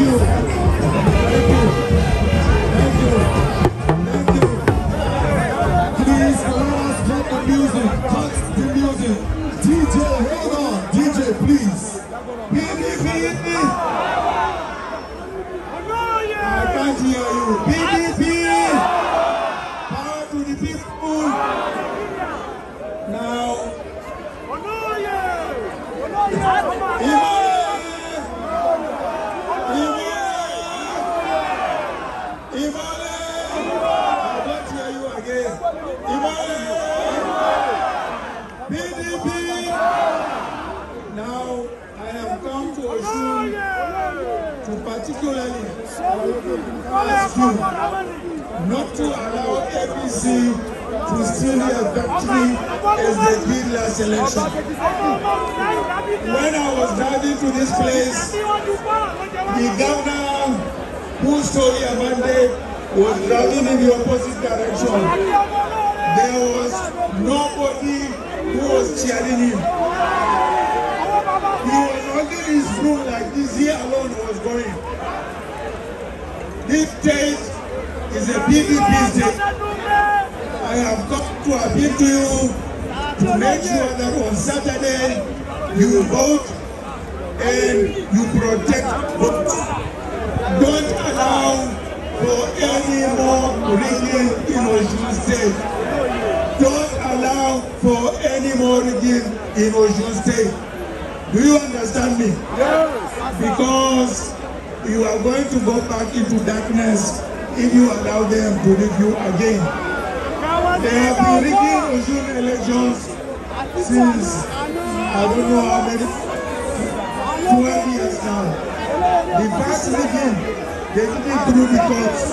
DJ, hold on. DJ, please. Hit me, hit me. particularly not to allow APC to steal your victory as they did last election. When I was driving to this place, the governor stole your mandate, was driving in the opposite direction. There was nobody who was cheering him. This date is a PVP day. I have come to appeal to you to make sure that on Saturday you vote and you protect votes. Don't allow for any more rigging in Osun State. Don't allow for any more rigging in Osun State. Do you understand me? Yes. Because you are going to go back into darkness if you allow them to rig you again. They have been rigging Osun elections since I don't know how many, 12 years now. The first rigging, they took it through the courts.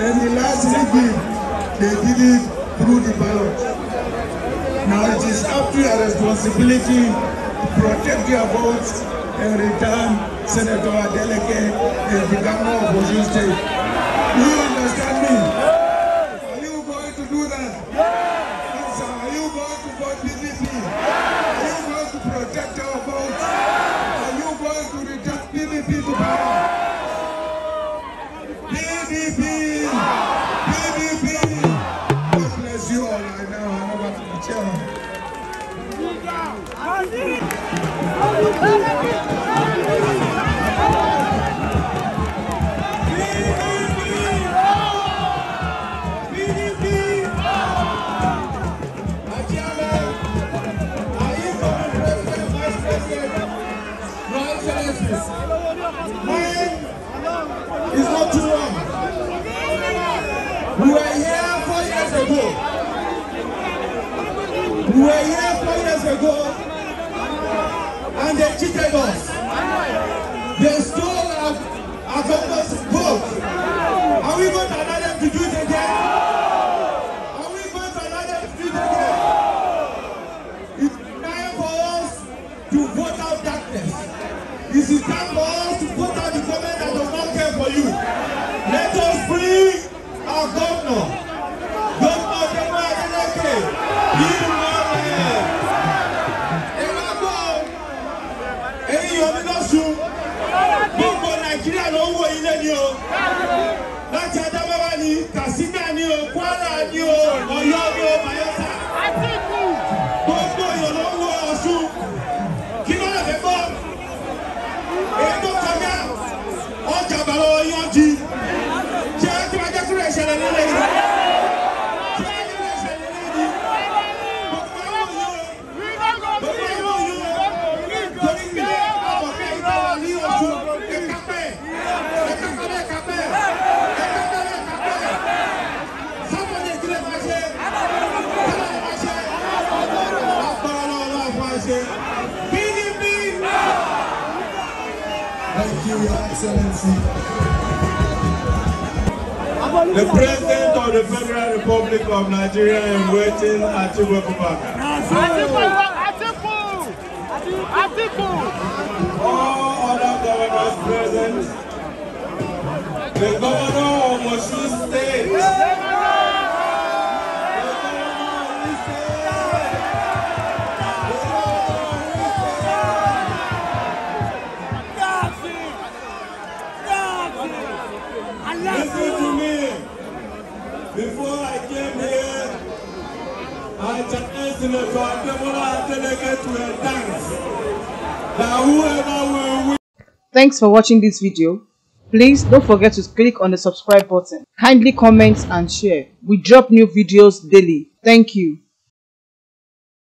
And the last rigging, they did it through the ballot. Now it is up to your responsibility to protect your votes Every time, Senator Adeleke and become more opposition state. Do you understand me? Yes. Are you going to do that? Yes. Answer, are you going to vote PDP? Yes. Are you going to protect our votes? Yes. Are you going to return PDP to power? We were here four years ago. We were here Bible. ẹ̀yin yọmí lọ́sùn gbogbo nàìjíríà ló ń wo ilé ni o láti adámẹ́wá ni katsina ni o kwara ni o ọ̀yọ́ ni o bayelsa. Thank you, Your Excellency. The President of the Federal Republic of Nigeria is waiting, Atiku Abubakar. Atiku! Atiku! All other governors present. The governor of Mosul State. Before I came here, I just challenged the to delegate to a dance. Now whoever will win. Thanks for watching this video. Please don't forget to click on the subscribe button. Kindly comment and share. We drop new videos daily. Thank you.